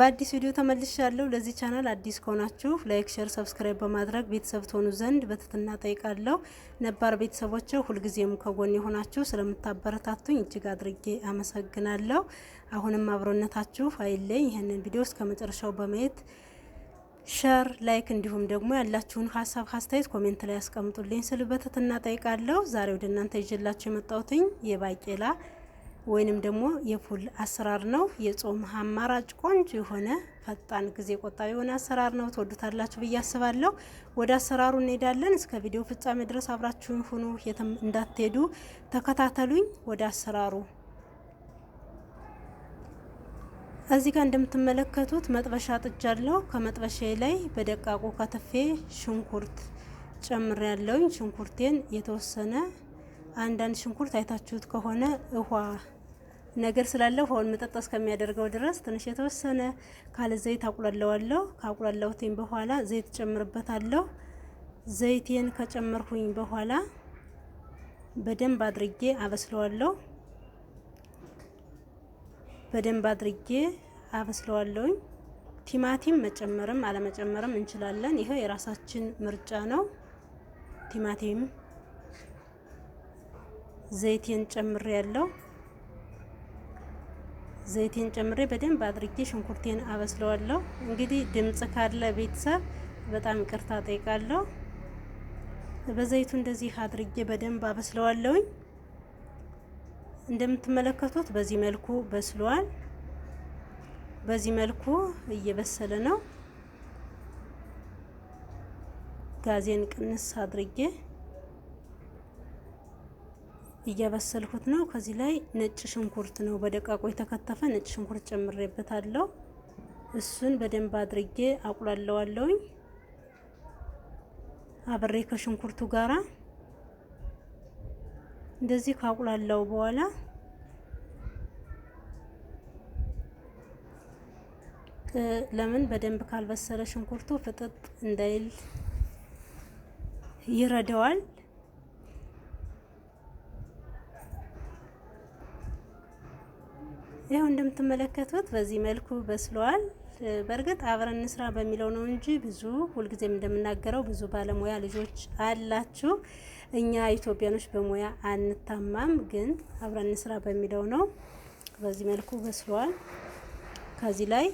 በአዲስ ቪዲዮ ተመልሻለሁ። ለዚህ ቻናል አዲስ ከሆናችሁ ላይክ፣ ሸር፣ ሰብስክራይብ በማድረግ ቤተሰብ ትሆኑ ዘንድ በትህትና ጠይቃለሁ። ነባር ቤተሰቦች ሁልጊዜም ከጎን የሆናችሁ ስለምታበረታቱኝ እጅግ አድርጌ አመሰግናለሁ። አሁንም አብሮነታችሁ አይለኝ። ይህንን ቪዲዮ እስከ መጨረሻው በማየት ሸር፣ ላይክ እንዲሁም ደግሞ ያላችሁን ሀሳብ አስተያየት ኮሜንት ላይ ያስቀምጡልኝ ስል በትህትና ጠይቃለሁ። ዛሬ ወደ እናንተ ይዤላችሁ የመጣሁትኝ የባቄላ ወይንም ደግሞ የፑል አሰራር ነው። የጾም አማራጭ ቆንጆ የሆነ ፈጣን ጊዜ ቆጣቢ የሆነ አሰራር ነው። ትወዱታላችሁ ብዬ አስባለሁ። ወደ አሰራሩ እንሄዳለን። እስከ ቪዲዮ ፍጻሜ ድረስ አብራችሁን ሁኑ፣ የትም እንዳትሄዱ ተከታተሉኝ። ወደ አሰራሩ እዚህ ጋር እንደምትመለከቱት መጥበሻ ጥጃለሁ። ከመጥበሻ ላይ በደቃቁ ከትፌ ሽንኩርት ጨምር ያለውኝ ሽንኩርቴን የተወሰነ አንዳንድ ሽንኩርት አይታችሁት ከሆነ ውሃ ነገር ስላለው ውሃውን መጠጥ እስከሚያደርገው ድረስ ትንሽ የተወሰነ ካለ ዘይት አቁላለዋለሁ። ካቁላለሁትኝ በኋላ ዘይት ጨምርበታለሁ። ዘይቴን ከጨመርኩኝ በኋላ በደንብ አድርጌ አበስለዋለሁ። በደንብ አድርጌ አበስለዋለሁኝ። ቲማቲም መጨመርም አለመጨመርም እንችላለን። ይሄ የራሳችን ምርጫ ነው። ቲማቲም ዘይቴን ጨምሬ ያለው ዘይቴን ጨምሬ በደንብ አድርጌ ሽንኩርቴን አበስለዋለሁ። እንግዲህ ድምጽ ካለ ቤተሰብ በጣም ይቅርታ ጠይቃለሁ። በዘይቱ እንደዚህ አድርጌ በደንብ አበስለዋለሁኝ። እንደምትመለከቱት በዚህ መልኩ በስሏል። በዚህ መልኩ እየበሰለ ነው። ጋዜን ቅንስ አድርጌ እያበሰልኩት ነው። ከዚህ ላይ ነጭ ሽንኩርት ነው በደቃቁ የተከተፈ ነጭ ሽንኩርት ጨምሬበታለሁ። እሱን በደንብ አድርጌ አቁላለዋለውኝ አብሬ ከሽንኩርቱ ጋራ እንደዚህ ካቁላላው በኋላ ለምን በደንብ ካልበሰለ ሽንኩርቱ ፍጥጥ እንዳይል ይረዳዋል። ይኸው እንደምትመለከቱት በዚህ መልኩ በስሏል። በእርግጥ አብረን እንስራ በሚለው ነው እንጂ ብዙ ሁልጊዜም እንደምናገረው ብዙ ባለሙያ ልጆች አላችሁ። እኛ ኢትዮጵያኖች በሙያ አንታማም፣ ግን አብረን እንስራ በሚለው ነው። በዚህ መልኩ በስሏል። ከዚህ ላይ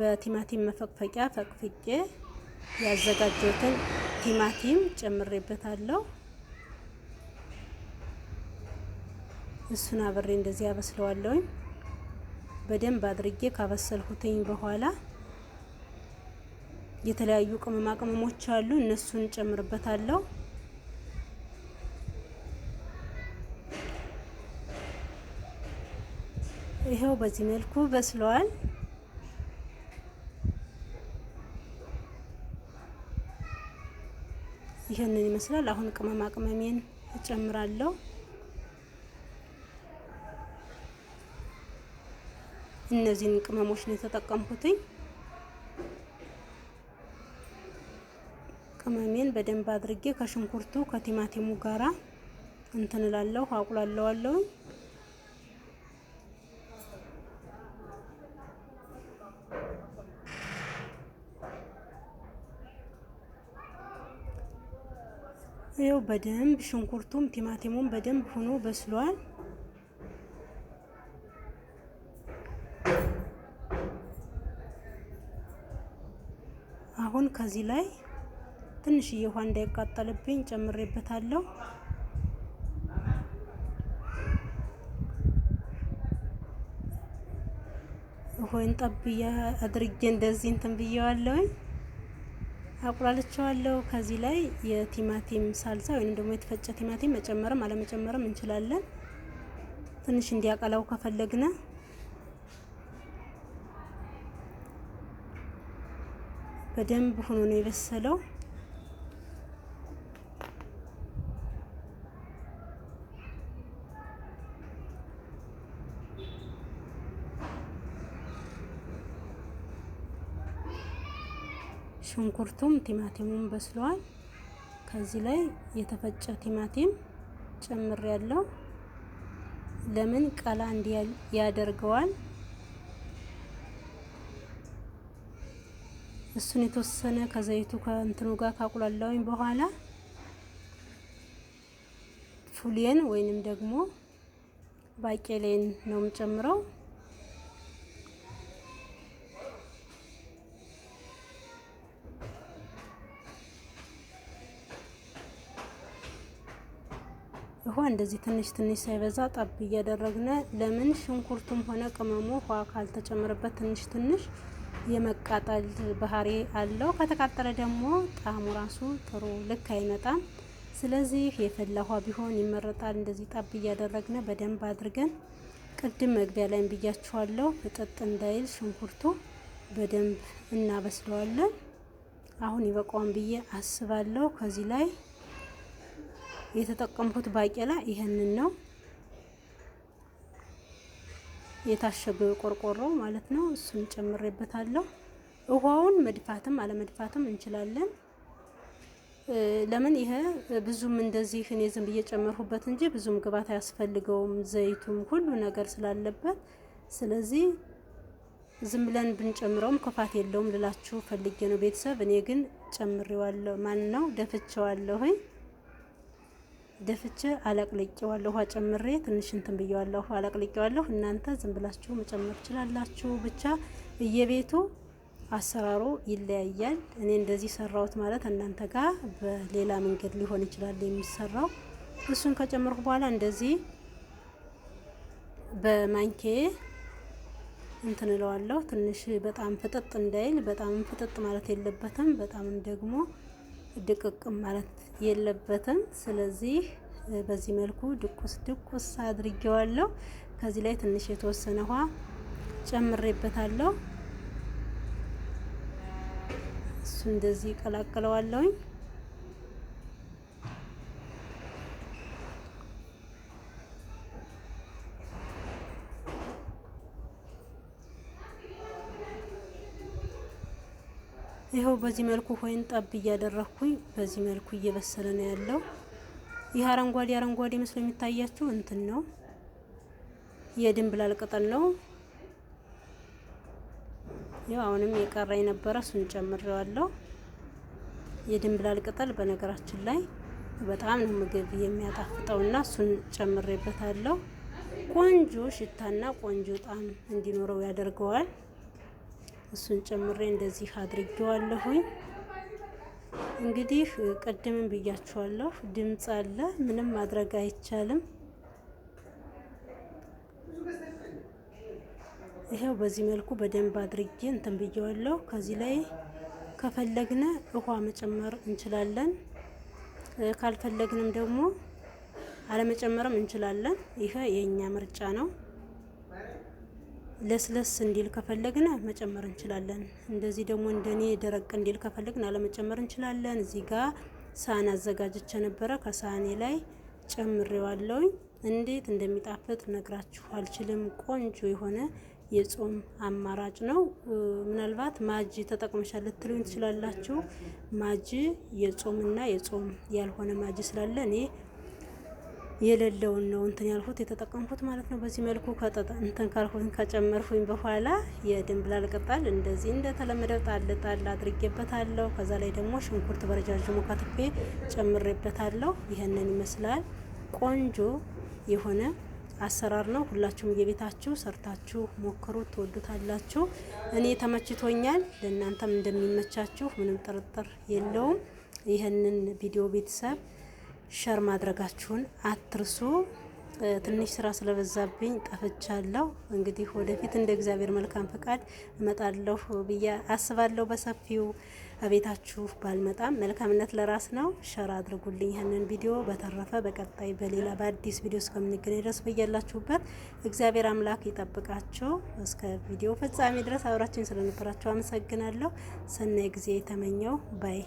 በቲማቲም መፈቅፈቂያ ፈቅፍቄ ያዘጋጀሁትን ቲማቲም ጨምሬበታለሁ። እሱን አብሬ እንደዚህ አበስለዋለሁኝ። በደንብ አድርጌ ካበሰልሁትኝ በኋላ የተለያዩ ቅመማ ቅመሞች አሉ፣ እነሱን ጨምርበታለሁ። ይኸው በዚህ መልኩ በስለዋል። ይህንን ይመስላል። አሁን ቅመማ ቅመሜን እጨምራለሁ። እነዚህን ቅመሞች ነው የተጠቀምኩትኝ። ቅመሜን በደንብ አድርጌ ከሽንኩርቱ ከቲማቲሙ ጋራ እንትንላለሁ አቁላለዋለሁ። ይኸው በደንብ ሽንኩርቱም ቲማቲሙም በደንብ ሆኖ በስሏል። አሁን ከዚህ ላይ ትንሽዬ ውሃ እንዳይቃጠልብኝ ጨምሬበታለሁ። ውሃን ጠብዬ አድርጌ እንደዚህ እንትን ብዬዋለሁኝ አቁላልቸዋለሁ። ከዚህ ላይ የቲማቲም ሳልሳ ወይንም ደግሞ የተፈጨ ቲማቲም መጨመርም አለመጨመርም እንችላለን። ትንሽ እንዲያቀላው ከፈለግነ በደንብ ሆኖ ነው የበሰለው። ሽንኩርቱም ቲማቲሙም በስለዋል። ከዚህ ላይ የተፈጨ ቲማቲም ያለው ለምን ቀላ እንዲያደርገዋል እሱን የተወሰነ ከዘይቱ ከእንትኑ ጋር ካቁላላውኝ በኋላ ፉሌን ወይንም ደግሞ ባቄሌን ነው የምጨምረው። ውሃ እንደዚህ ትንሽ ትንሽ ሳይበዛ ጣብ እያደረግነ ለምን ሽንኩርቱም ሆነ ቅመሙ ውሃ ካልተጨመረበት ትንሽ ትንሽ የመቃጠል ባህሪ አለው። ከተቃጠለ ደግሞ ጣዕሙ ራሱ ጥሩ ልክ አይመጣም። ስለዚህ የፈላ ውሃ ቢሆን ይመረጣል። እንደዚህ ጣብ እያደረግነ በደንብ አድርገን ቅድም መግቢያ ላይ ብያችኋለሁ፣ እጥጥ እንዳይል ሽንኩርቱ በደንብ እናበስለዋለን። አሁን ይበቃውን ብዬ አስባለሁ። ከዚህ ላይ የተጠቀምኩት ባቄላ ይህንን ነው። የታሸገው የቆርቆሮ ማለት ነው። እሱን ጨምሬበታለሁ። ውሃውን መድፋትም አለመድፋትም እንችላለን። ለምን ይሄ ብዙም እንደዚህ እኔ ዝም ብዬ ጨመርሁበት እንጂ ብዙም ግባት አያስፈልገውም ዘይቱም ሁሉ ነገር ስላለበት ስለዚህ ዝም ብለን ብንጨምረውም ክፋት የለውም ልላችሁ ፈልጌ ነው ቤተሰብ። እኔ ግን ጨምሬዋለሁ፣ ማን ነው ደፍቼዋለሁኝ። ደፍቼ አላቅልቄዋለሁ። ውሃ ጨምሬ ትንሽ እንትን ብየዋለሁ፣ እናንተ ዝም ብላችሁ መጨመር ትችላላችሁ። ብቻ እየቤቱ አሰራሩ ይለያያል። እኔ እንደዚህ ሰራሁት ማለት እናንተ ጋር በሌላ መንገድ ሊሆን ይችላል የሚሰራው። እሱን ከጨመርኩ በኋላ እንደዚህ በማንኬ እንትን እለዋለሁ። ትንሽ በጣም ፍጥጥ እንዳይል፣ በጣም ፍጥጥ ማለት የለበትም። በጣም ደግሞ ድቅቅም ማለት የለበትም። ስለዚህ በዚህ መልኩ ድቁስ ድቁስ አድርጌዋለሁ። ከዚህ ላይ ትንሽ የተወሰነ ውሃ ጨምሬበታለሁ። እሱ እንደዚህ ቀላቅለዋለሁኝ። ይኸው በዚህ መልኩ ሆይን ጠብ እያደረኩኝ በዚህ መልኩ እየበሰለ ነው ያለው። ይህ አረንጓዴ አረንጓዴ መስሎ የሚታያችሁ እንትን ነው የድንብላል ቅጠል ነው። ያው አሁንም የቀረ የነበረ እሱን ጨምሬዋለሁ። የድንብላል ቅጠል በነገራችን ላይ በጣም ነው ምግብ የሚያጣፍጠውና እሱን ጨምሬበታለሁ። ቆንጆ ሽታና ቆንጆ ጣዕም እንዲኖረው ያደርገዋል። እሱን ጨምሬ እንደዚህ አድርጌዋለሁኝ። እንግዲህ ቀደምን ብያችኋለሁ፣ ድምፅ አለ፣ ምንም ማድረግ አይቻልም። ይሄው በዚህ መልኩ በደንብ አድርጌ እንትን ብየዋለሁ። ከዚህ ላይ ከፈለግነ ውሃ መጨመር እንችላለን፣ ካልፈለግንም ደግሞ አለመጨመርም እንችላለን። ይሄ የእኛ ምርጫ ነው። ለስለስ እንዲል ከፈለግን መጨመር እንችላለን። እንደዚህ ደግሞ እንደኔ ደረቅ እንዲል ከፈለግን አለመጨመር እንችላለን። እዚህ ጋር ሳህን አዘጋጅቼ ነበረ። ከሳህኔ ላይ ጨምሬዋለሁኝ። እንዴት እንደሚጣፍጥ ነግራችሁ አልችልም። ቆንጆ የሆነ የጾም አማራጭ ነው። ምናልባት ማጅ ተጠቅመሻል ልትሉኝ ትችላላችሁ። ማጅ የጾምና የጾም ያልሆነ ማጅ ስላለ እኔ የሌለውን ነው እንትን ያልኩት የተጠቀምኩት ማለት ነው። በዚህ መልኩ ከጠጠ እንትን ካልኩኝ ከጨመርኩኝ በኋላ የድንብላል ቅጠል እንደዚህ እንደተለመደው ጣል ጣል አድርጌበታለሁ። ከዛ ላይ ደግሞ ሽንኩርት በረጃጅሙ ከትፌ ጨምሬበታለሁ። ይህንን ይመስላል ቆንጆ የሆነ አሰራር ነው። ሁላችሁም የቤታችሁ ሰርታችሁ ሞክሩት፣ ትወዱታላችሁ። እኔ ተመችቶኛል፣ ለእናንተም እንደሚመቻችሁ ምንም ጥርጥር የለውም። ይህንን ቪዲዮ ቤተሰብ ሸር ማድረጋችሁን አትርሱ። ትንሽ ስራ ስለበዛብኝ ጠፍቻለሁ። እንግዲህ ወደፊት እንደ እግዚአብሔር መልካም ፈቃድ እመጣለሁ ብዬ አስባለሁ። በሰፊው አቤታችሁ ባልመጣም መልካምነት ለራስ ነው። ሸር አድርጉልኝ ይህንን ቪዲዮ። በተረፈ በቀጣይ በሌላ በአዲስ ቪዲዮ እስከምንገናኝ ድረስ በያላችሁበት እግዚአብሔር አምላክ ይጠብቃችሁ። እስከ ቪዲዮ ፍጻሜ ድረስ አብራችን ስለነበራችሁ አመሰግናለሁ። ሰናይ ጊዜ የተመኘው ባይ